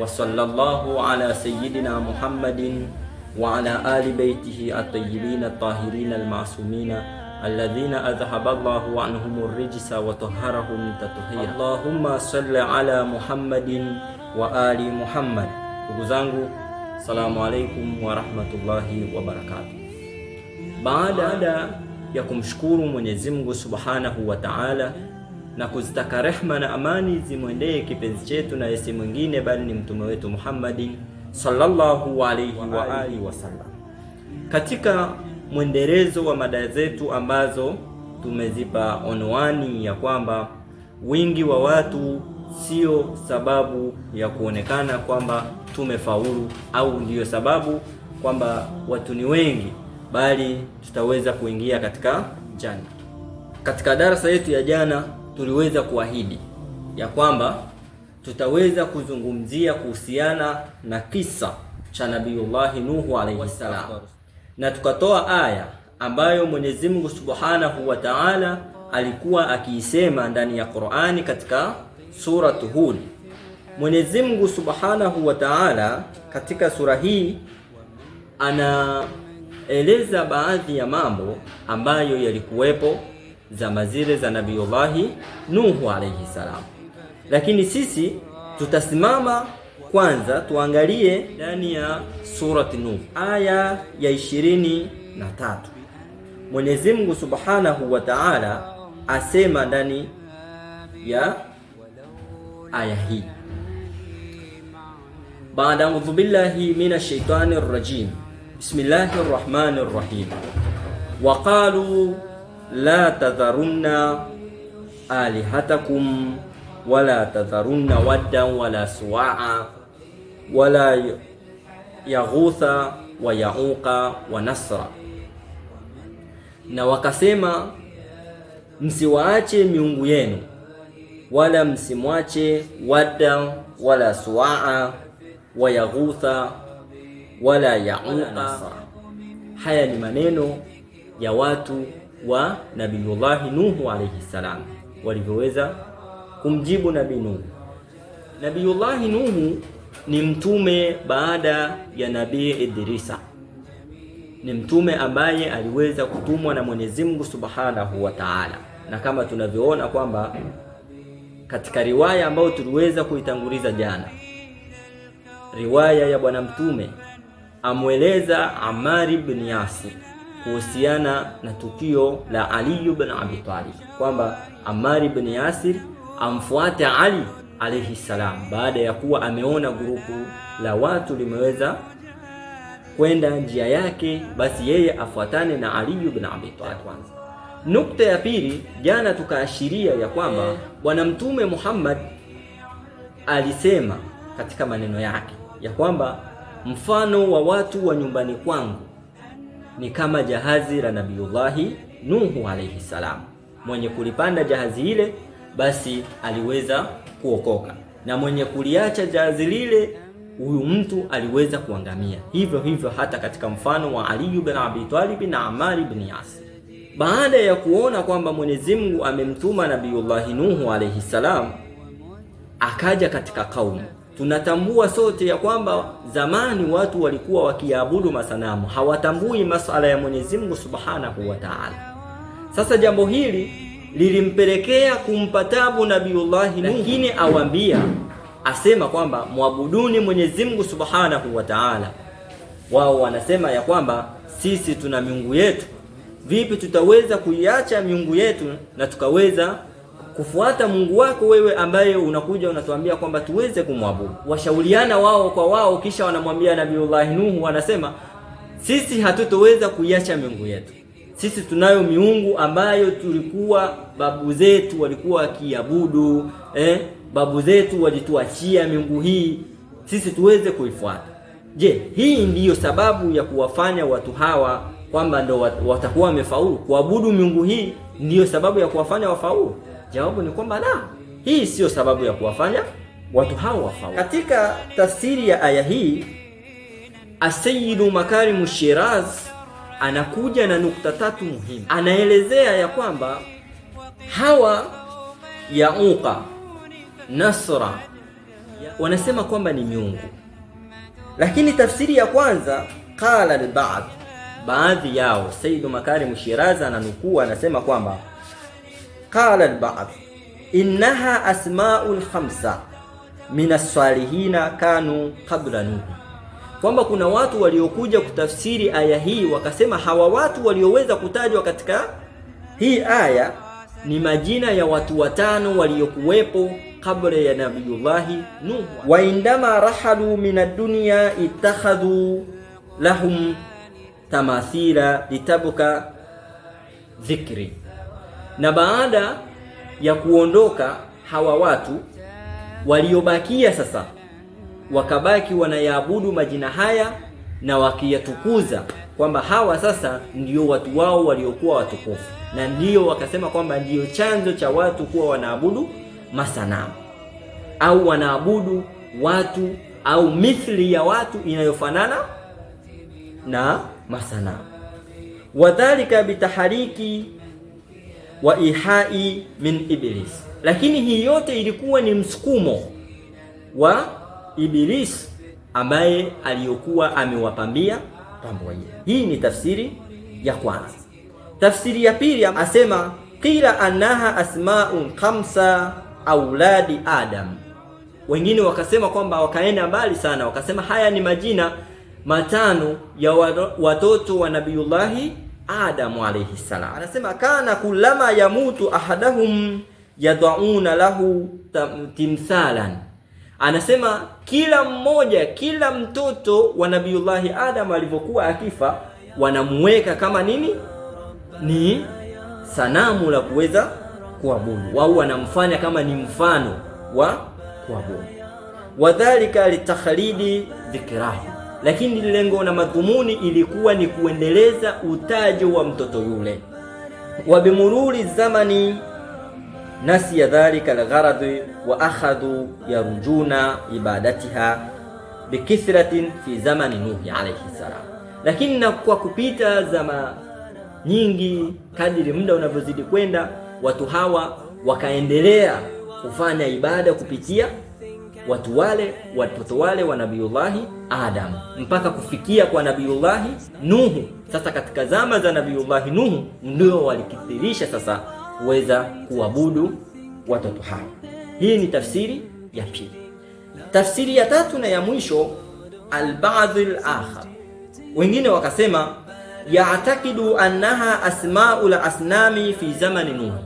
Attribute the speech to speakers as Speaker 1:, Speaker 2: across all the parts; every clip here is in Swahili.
Speaker 1: وصلى الله على سيدنا محمد وعلى آل بيته الطيبين الطاهرين المعصومين الذين أذهب الله عنهم الرجس وطهرهم تطهيرا اللهم صل على محمد وآل محمد ndugu السلام عليكم ورحمة الله وبركاته بعد هذا يكم شكور من Subhanahu سبحانه وتعالى na kuzitaka rehma na amani zimwendee kipenzi chetu na yesi mwingine bali ni mtume wetu Muhammadin sallallahu alaihi wa alihi wasallam. Katika mwendelezo wa mada zetu ambazo tumezipa onwani ya kwamba wingi wa watu sio sababu ya kuonekana kwamba tumefaulu au ndiyo sababu kwamba watu ni wengi, bali tutaweza kuingia katika jana. Katika darasa yetu ya jana tuliweza kuahidi ya kwamba tutaweza kuzungumzia kuhusiana na kisa cha nabiullahi Nuhu alayhi salam, na tukatoa aya ambayo Mwenyezi Mungu Subhanahu wa Ta'ala alikuwa akiisema ndani ya Qur'ani katika sura Hud. Mwenyezi Mungu Subhanahu wa Ta'ala katika sura hii anaeleza baadhi ya mambo ambayo yalikuwepo zama zile za Nabiyullahi Nuhu alayhi salam. Lakini sisi tutasimama kwanza tuangalie ndani ya surati Nuh aya ya ishirini na tatu. Mwenyezi Mungu Subhanahu wa Ta'ala asema ndani ya aya hii baada audhu billahi minash shaitani rrajim bismillahir rahmanir rahim waqalu la tadharunna alihatakum wala tadharunna waddan wala suwaa wala yaghutha wa yauqa wa nasra, na wakasema msiwaache miungu yenu wala msimwache wadda wala suwaa wa yaghutha wala yauqa. Haya ni maneno ya watu wa Nabiyullahi Nuhu alayhi salam walivyoweza kumjibu Nabii Nuhu. Nabiyullahi Nuhu ni mtume baada ya Nabii Idrisa, ni mtume ambaye aliweza kutumwa na Mwenyezi Mungu Subhanahu wa Ta'ala, na kama tunavyoona kwamba katika riwaya ambayo tuliweza kuitanguliza jana, riwaya ya bwana mtume amweleza Amari bin Yasir kuhusiana na tukio la Ali ibn Abi Talib kwamba Ammar ibn Yasir amfuate Ali alayhi salam baada ya kuwa ameona grupu la watu limeweza kwenda njia yake, basi yeye afuatane na Ali ibn Abi Talib kwanza. Nukta ya pili, jana tukaashiria ya kwamba Bwana Mtume Muhammad alisema katika maneno yake ya kwamba mfano wa watu wa nyumbani kwangu ni kama jahazi la Nabiyullahi Nuhu alayhi salam. Mwenye kulipanda jahazi ile basi aliweza kuokoka, na mwenye kuliacha jahazi lile huyu mtu aliweza kuangamia. Hivyo hivyo hata katika mfano wa Ali ibn Abi Talib na Amari ibn Yas, Baada ya kuona kwamba Mwenyezi Mungu amemtuma Nabiyullahi Nuhu alayhi salam, akaja katika kaumu tunatambua sote ya kwamba zamani watu walikuwa wakiabudu masanamu, hawatambui masala ya Mwenyezi Mungu Subhanahu wa Ta'ala. Sasa jambo hili lilimpelekea kumpa tabu Nabiullahi, lakini awambia asema kwamba mwabuduni Mwenyezi Mungu Subhanahu wa Ta'ala. Wao wanasema ya kwamba sisi tuna miungu yetu, vipi tutaweza kuiacha miungu yetu na tukaweza kufuata Mungu wako wewe, ambaye unakuja unatuambia kwamba tuweze kumwabudu. Washauriana wao kwa wao, kisha wanamwambia Nabiullahi Nuhu, wanasema sisi hatutoweza kuiacha miungu yetu, sisi tunayo miungu ambayo tulikuwa babu zetu walikuwa wakiabudu eh? babu zetu walituachia miungu hii sisi tuweze kuifuata. Je, hii ndiyo sababu ya kuwafanya watu hawa kwamba ndo watakuwa wamefaulu kuabudu miungu hii? Ndiyo sababu ya kuwafanya wafaulu? Jawabu ni kwamba la, hii siyo sababu ya kuwafanya watu hao wafaulu. Katika tafsiri ya aya hii, Asayidu Makarimu Shiraz anakuja na nukta tatu muhimu. Anaelezea ya kwamba hawa Yauqa Nasra wanasema kwamba ni miungu, lakini tafsiri ya kwanza qala al baadhi yao. Sayyidu Makarimu Shiraz ananukuu, anasema kwamba Qala al-ba'd innaha asmaul khamsa min as kanu qabla nuhu kwamba kuna watu waliokuja kutafsiri aya hii wakasema hawa watu walioweza kutajwa katika hii aya ni majina ya watu watano waliokuwepo kabla ya Nabiyullahi Nuh. wa indama rahalu min ad-dunya ittakhadhu lahum tamathila litabka dhikri na baada ya kuondoka hawa watu waliobakia sasa wakabaki wanayaabudu majina haya na wakiyatukuza, kwamba hawa sasa ndio watu wao waliokuwa watukufu, na ndio wakasema kwamba ndio chanzo cha watu kuwa wanaabudu masanamu au wanaabudu watu au mithili ya watu inayofanana na masanamu. Wadhalika bitahariki wa ihai min iblis, lakini hii yote ilikuwa ni msukumo wa Iblis ambaye aliyokuwa amewapambia pamoja Hii ni tafsiri ya kwanza. Tafsiri ya pili asema kila annaha asmaun khamsa auladi Adam. Wengine wakasema kwamba, wakaenda mbali sana, wakasema haya ni majina matano ya watoto wa nabiullahi Adamu alayhi salam. Anasema kana kulama yamutu ahadahum yadauna lahu timthalan. Anasema kila mmoja, kila mtoto wa Nabiyullahi Adamu alivyokuwa akifa, wanamweka kama nini? Ni sanamu la kuweza kuabudu, au wanamfanya kama ni mfano wa kuabudu. Wadhalika litakhalidi dhikrahi lakini lengo na madhumuni ilikuwa ni kuendeleza utajo wa mtoto yule. Wabimururi zamani nasiya dhalika algharadhi wa akhadhu yarujuna ibadatiha bikithratin fi zamani Nuhi alayhi salam. Lakini na kwa kupita zama nyingi, kadiri muda unavyozidi kwenda, watu hawa wakaendelea kufanya ibada kupitia watu wale watoto wale wa Nabiullahi Adam mpaka kufikia kwa Nabiullahi Nuhu. Sasa katika zama za Nabiullahi Nuhu ndio walikithirisha sasa kuweza kuabudu watoto hao. Hii ni tafsiri ya pili. Tafsiri ya tatu na ya mwisho, albadhil akhar, wengine wakasema yatakidu annaha asmau asnami fi zamani Nuhu,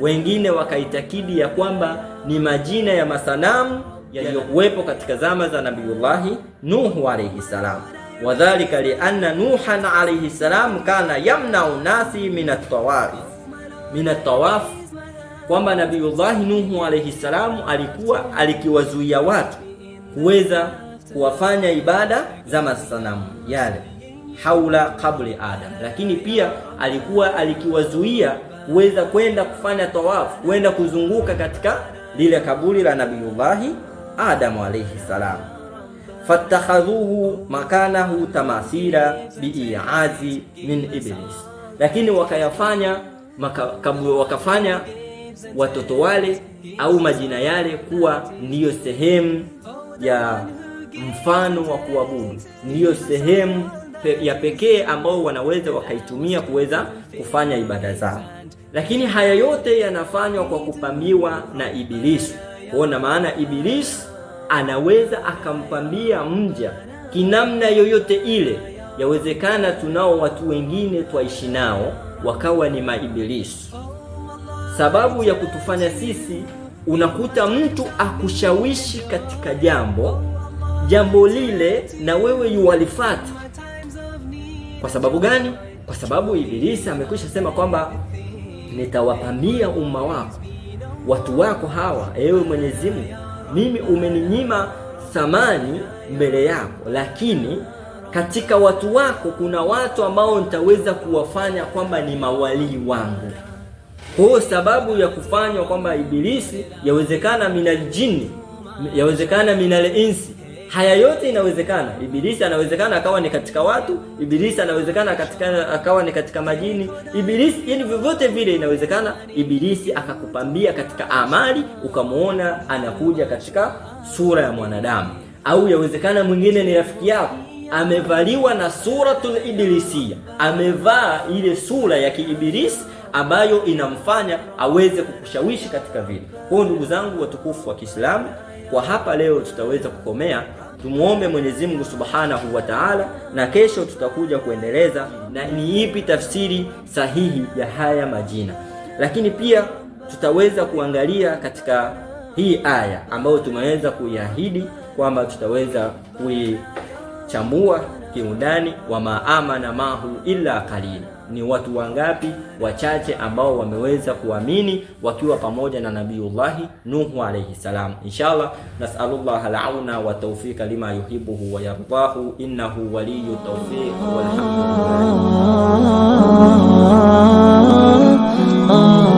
Speaker 1: wengine wakaitakidi ya kwamba ni majina ya masanamu yaliyokuwepo katika zama za Nabiyullahi Nuhu alayhi salam, wadhalika lianna Nuhan alayhi salam kana yamnau nasi min atawaf, kwamba Nabiyullahi Nuhu alayhi salam alikuwa alikiwazuia watu kuweza kuwafanya ibada za masanamu yale haula kabli Adam, lakini pia alikuwa alikiwazuia kuweza kwenda kufanya tawafu, kwenda kuzunguka katika lile kaburi la Nabiyullahi Adamu alayhi salam, fattakhadhuhu makanahu tamasira biiazi min iblis, lakini wakayafanya makabu, wakafanya watoto wale au majina yale kuwa ndiyo sehemu ya mfano wa kuabudu, ndiyo sehemu ya pekee ambao wanaweza wakaitumia kuweza kufanya ibada zao, lakini haya yote yanafanywa kwa kupamiwa na Ibilisi. Kwa maana Ibilisi anaweza akampambia mja kinamna yoyote ile. Yawezekana tunao watu wengine twaishi nao wakawa ni maibilisi, sababu ya kutufanya sisi. Unakuta mtu akushawishi katika jambo jambo lile, na wewe yuwalifata. Kwa sababu gani? Kwa sababu Ibilisi amekwisha sema kwamba nitawapambia umma wako watu wako hawa, ewe Mwenyezi Mungu, mimi umeninyima thamani mbele yako, lakini katika watu wako kuna watu ambao nitaweza kuwafanya kwamba ni mawalii wangu. Kwa hiyo sababu ya kufanywa kwamba Ibilisi yawezekana minal jini, yawezekana minal insi Haya yote inawezekana. Ibilisi anawezekana akawa ni katika watu, ibilisi anawezekana katika, akawa ni katika majini, ibilisi yani vyovyote vile inawezekana ibilisi akakupambia katika amali, ukamwona anakuja katika sura ya mwanadamu, au yawezekana mwingine ni rafiki yako amevaliwa na suratul ibilisia, amevaa ile sura ya kiibilisi ambayo inamfanya aweze kukushawishi katika vile. Kwa hiyo ndugu zangu watukufu wa Kiislamu, kwa hapa leo tutaweza kukomea. Tumuombe Mwenyezi Mungu Subhanahu wa Ta'ala, na kesho tutakuja kuendeleza na ni ipi tafsiri sahihi ya haya majina, lakini pia tutaweza kuangalia katika hii aya ambayo tumeweza kuiahidi kwamba tutaweza kuichambua kiundani, wa maamana mahu illa kalili ni watu wangapi wachache ambao wameweza kuamini wakiwa pamoja na Nabiyullahi Nuhu alayhi salam. Inshallah, nasalullah alauna wa tawfika lima yuhibuhu wa yardahu innahu waliyu tawfiq walhamdulillah